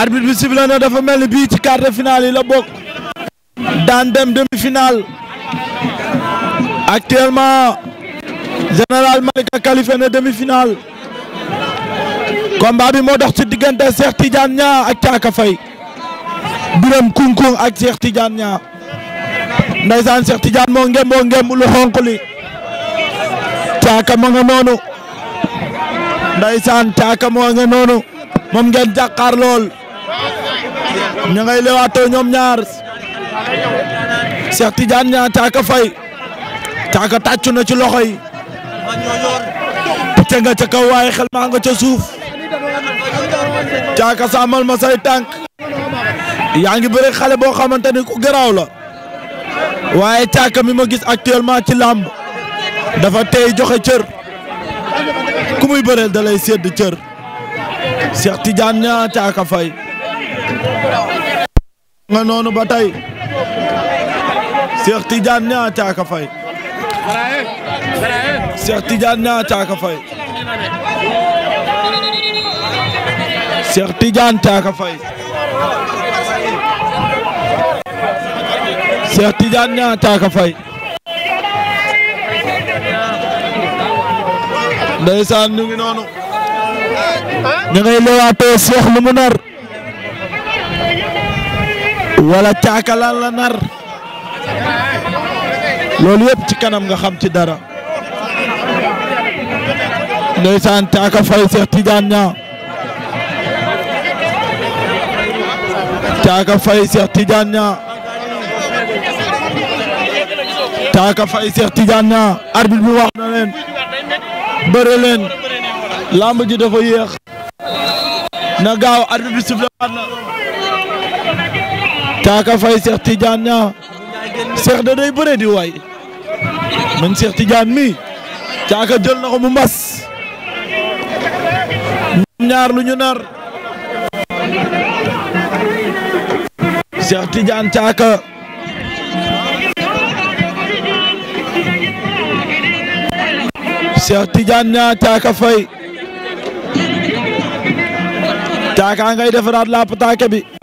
arbitre bi sifflé na dafa mel ni bii ci quart de finale yi la bokk daan dem demi finale actuellement général Malika qualifié na demi finale combat bi moo dox ci diggante Cheikh Tidiane Niang ak Thiaka Faye Biram Kunkung ak Cheikh Tidiane Niang ndaysaan Cheikh Tidiane moo ngem moo ngem lu xonq li Thiaka nga noonu ndaysaan Thiaka moo nga noonu moom ngeen jàkkaar lool ña ngay lewaatoo ñoom ñaar Cheikh Tidiane ñaar Thiaka Faye Thiaka tàccu na ci loxo yi te nga ca kaw waaye xel maa nga ca suuf Thiaka sàmmal ma say tànk yaa ngi bëri xale boo xamante ni ku garaaw la waaye Thiaka mi ma gis actuellement ci làmb dafa tey joxe cër ku muy bëreel da lay sedd cër Cheikh Tidiane ñaar Thiaka nga noonu ba tey Cheikh Tidiane Niang Thiaka Faye Cheikh Tidiane Niang Thiaka Faye Cheikh Tidiane Thiaka Faye Cheikh Tidiane Niang Thiaka Faye ndeysaan ñu ngi noonu ñu ngay leewaatoo Cheikh lu mu nar wala caaka lan la nar lool yëpp ci kanam nga xam ci dara ndeysaan caaka fay Cheikh Tidiane Niang caaka fay Cheikh Tidiane Niang bi wax na leen bëre leen ji dafa yéex na gaaw arbitre bi sifflé waat na Caaka Faye Cheikh Tidiane ñaa Cheikh da day bëre di waay man Cheikh Tidiane mi Caaka jël na ko mu mbas ñaar lu ñu nar Cheikh Tidiane Caaka Cheikh Tidiane ñaa Caaka Faye Caaka ngay defaraat lapp taake bi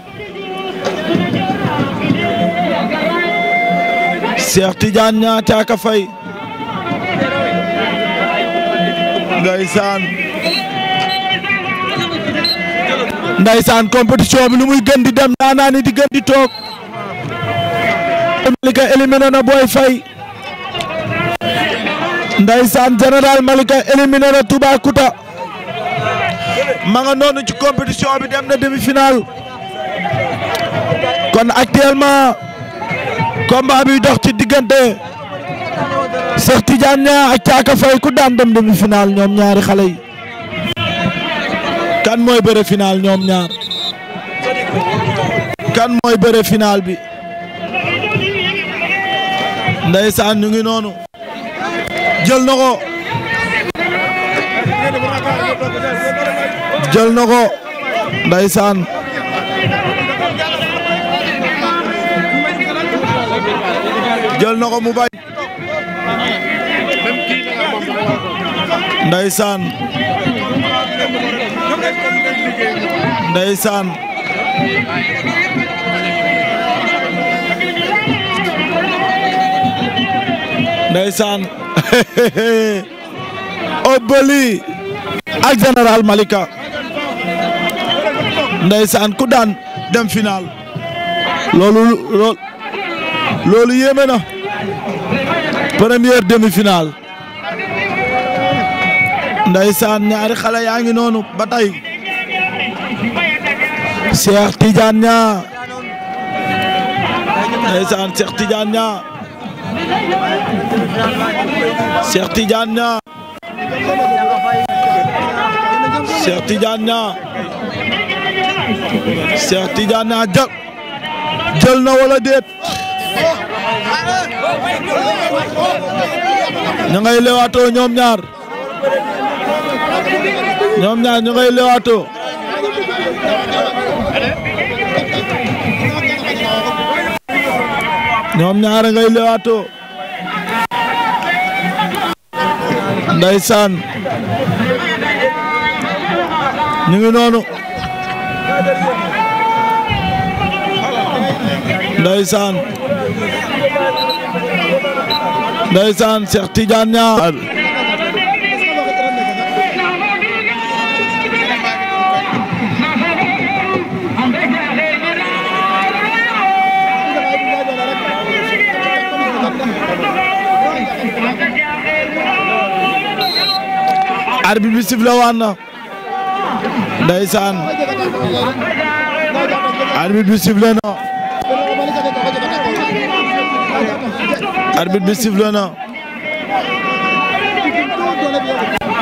Cheikh Tidiane ñaa caaka fay ndaysaan ndaysaan compétition bi nu muy gën di dem daanaa ni di gën di toog Malika éliminé na Boy Faye ndaysaan général Malika éliminé na Toubacouta ma nga noonu ci compétition bi dem na demi-finale kon actuellement combat bi dox ci diggante Cheikh Tidiane Niang ak Thiaka Faye ku daan dem demi final ñoom ñaari xale yi kan mooy bëre final ñoom ñaar kan mooy bëre final bi ndeysaan ñu ngi noonu jël na jël na ko ndeysaan tàllal na ko mu bañ ndeysaan ndeysaan ndeysaan Obeuly ak général Malika ndeysaan ku daan dem final loolu loolu na première demi-finale ndeysaan ñaari xale yaa ngi noonu ba tay Cheikh Tidiane Niang ndeysaan Cheikh Tidiane Niang Cheikh Tidiane Niang Cheikh Tidiane Niang Cheikh Tidiane na wala déet ñu ngay lewaatoo ñoom ñaar ñoom ñaar ñu ngay lewaatoo ñoom ñaar ngay lewaatoo ndeysaan ñu ngi noonu ndeysaan ndeysaan Cheikh Tidiane Niang arbitre bi sifflé waan na ndeysaan arbitre bi sifflé na arbitre bi sifflé na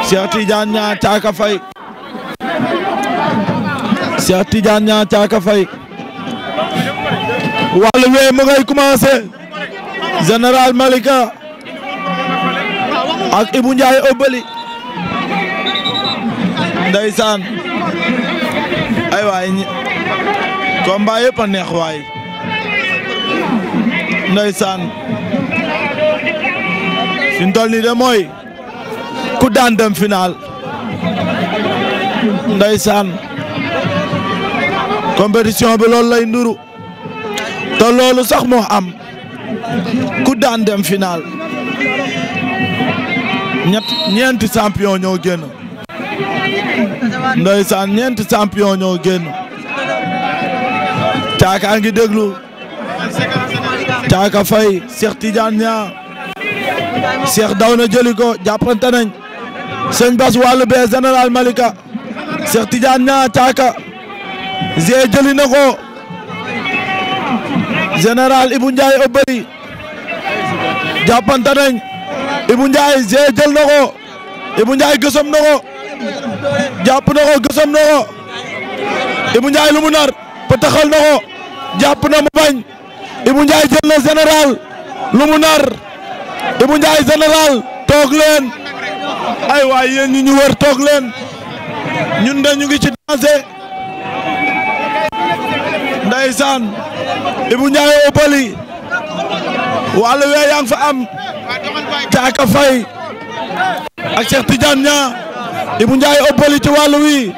Cheikh Tidiane Niang Thiaka Faye Cheikh Tidiane Niang Thiaka Malika ak Ibou Ndiaye Obali ndeysaan ay waay combat yëpp a neex waay fi mu toll de mooy ku daan dem final ndeysaan compétition bi loolu lay nduru te loolu sax moo am ku daan dem final ñett ñeenti champion ñoo génn ndeysaan ñeenti champion ñoo génn caaka a ngi déglu caaka fay Cheikh Tidiane Niang Cheikh daw na jëli ko jàppante nañ sëñ Bas wàllu bee général Malika Cheikh Tidiane ñaa caaka Zee jëli na ko général Ibou Ndiaye Oberi jàppante nañ Ibou Ndiaye Zee jël na ko Ibou Ndiaye gësëm na ko jàpp na ko gësëm na ko Ibou Ndiaye lu nar pëtaxal na ko jàpp na mu bañ Ibou jël na général lu nar. Ibou Ndiaye général toog leen ay waay yéen ñu wër toog leen ñun de ñu ngi ci dansé ndeysaan Ibou Ndiaye Obali wàllu wee yaa fa am Caaka Fay ak Cheikh Tidiane Niang Ibou Ndiaye Obali ci wàllu wi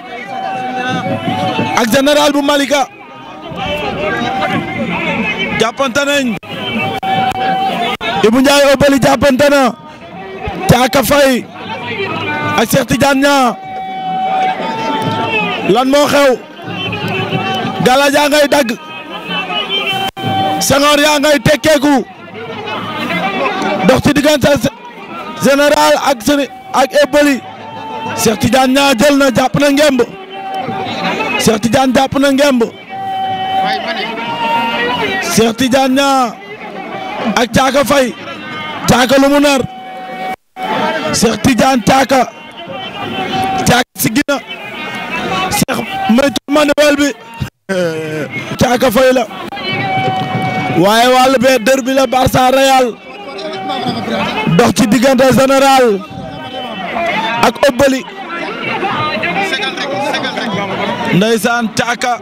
ak général bu Malika jàppante Ibou Ndiaye Obali jàppante na Caaka Faye ak Cheikh Tidiane Niang lan moo gala jaa ngay dagg sangoor yaa ngay tekkeeku dox ci diggante général ak seni ak Obali Cheikh Tidiane Niang jël na jàpp na ngemb Cheikh Tidiane jàpp na ngemb Cheikh Tidiane Niang ak Caaka Fay Caaka lu mu nar Cheikh Tidiane Caaka Caaka si gina Cheikh moytu manuel bi Caaka Fay la waaye wàll bee dër bi la Barça Real dox ci diggante général ak Obali ndeysaan Caaka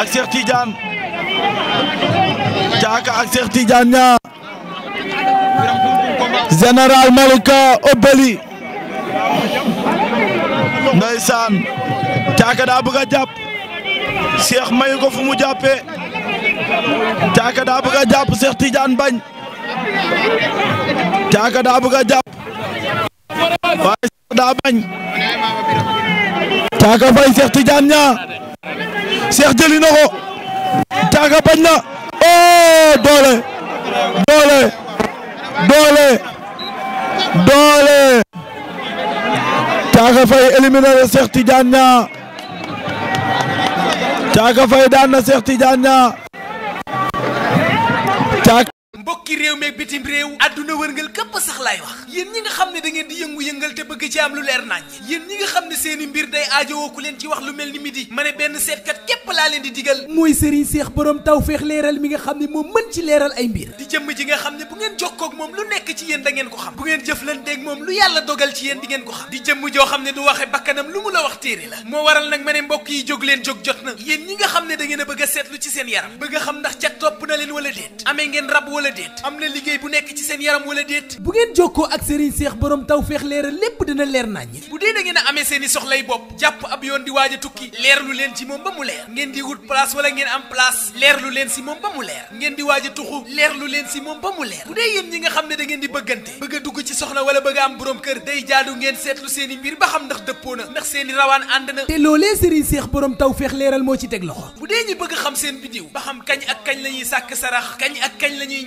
ak Cheikh Tidiane Caaka ak Cheikh Tidiane Niang Général Malika Obali ndeysaan Caaka daa bëgg a jàpp Cheikh ko fu mu jàppee Caaka daa bëgg a jàpp Cheikh Tidiane bañ Caaka daa bëgg a jàpp waaye Cheikh daa bañ Caaka Caaka bañ doole doole doole doole Caaka Faye éliminé na Cheikh na mbokki réew meeg bitim réew adduna wërngal këpp sax laay wax yéen ñi nga xam ne dangeen di yëngu-yëngal te bëgg ci am lu leer nañ yéen ñi nga xam ne seeni mbir day aajowoo ku leen ci wax lu mel ni midi ma ne benn seetkat képp laa leen di digal mooy sëriñ seex boroom tawfeex leeral mi nga xam ne moom mën ci leeral ay mbir di jëm ji nga xam ne bu ngeen jokkoo ak moom lu nekk ci yéen da ngeen ko xam bu ngeen jëflanteeg moom lu yàlla dogal ci yéen di ngeen ko xam di joo xam ne du waxe bakkanam lu mu la wax téere la moo waral ma ne mbokk yi leen jóg jot na yéen ñi nga xam ne da ngeen a ci seen yaram bëgg a xam ndax topp na leen wala déet amee wala am na liggéey bu nekk ci seen yaram wala déet bu ngeen jokkoo ak Serigne Seex borom taw tawfeex leeral lépp dina leer naññ bu dee da ngeen a amee seen i soxlay bopp jàpp ab yoon di waaj a tukki leer lu leen ci moom ba mu leer ngeen di wut place wala ngeen am place leer lu leen si moom ba mu leer ngeen di waaja a tuxu leer lu leen si moom ba mu leer bu dee yéen ñi nga xam ne da ngeen di bëggante bëgg a dugg ci soxna wala bëgg am borom kër day jaadu ngeen seetlu seen i mbir ba xam ndax dëppoo na ndax seen i rawaan ànd na te loolee Serigne Seex borom tawfeex leeral moo ci teg bu dee bëgg xam seen bidiw ba xam kañ ak la ñuy sàkk sarax kañ ak kañ la ñuy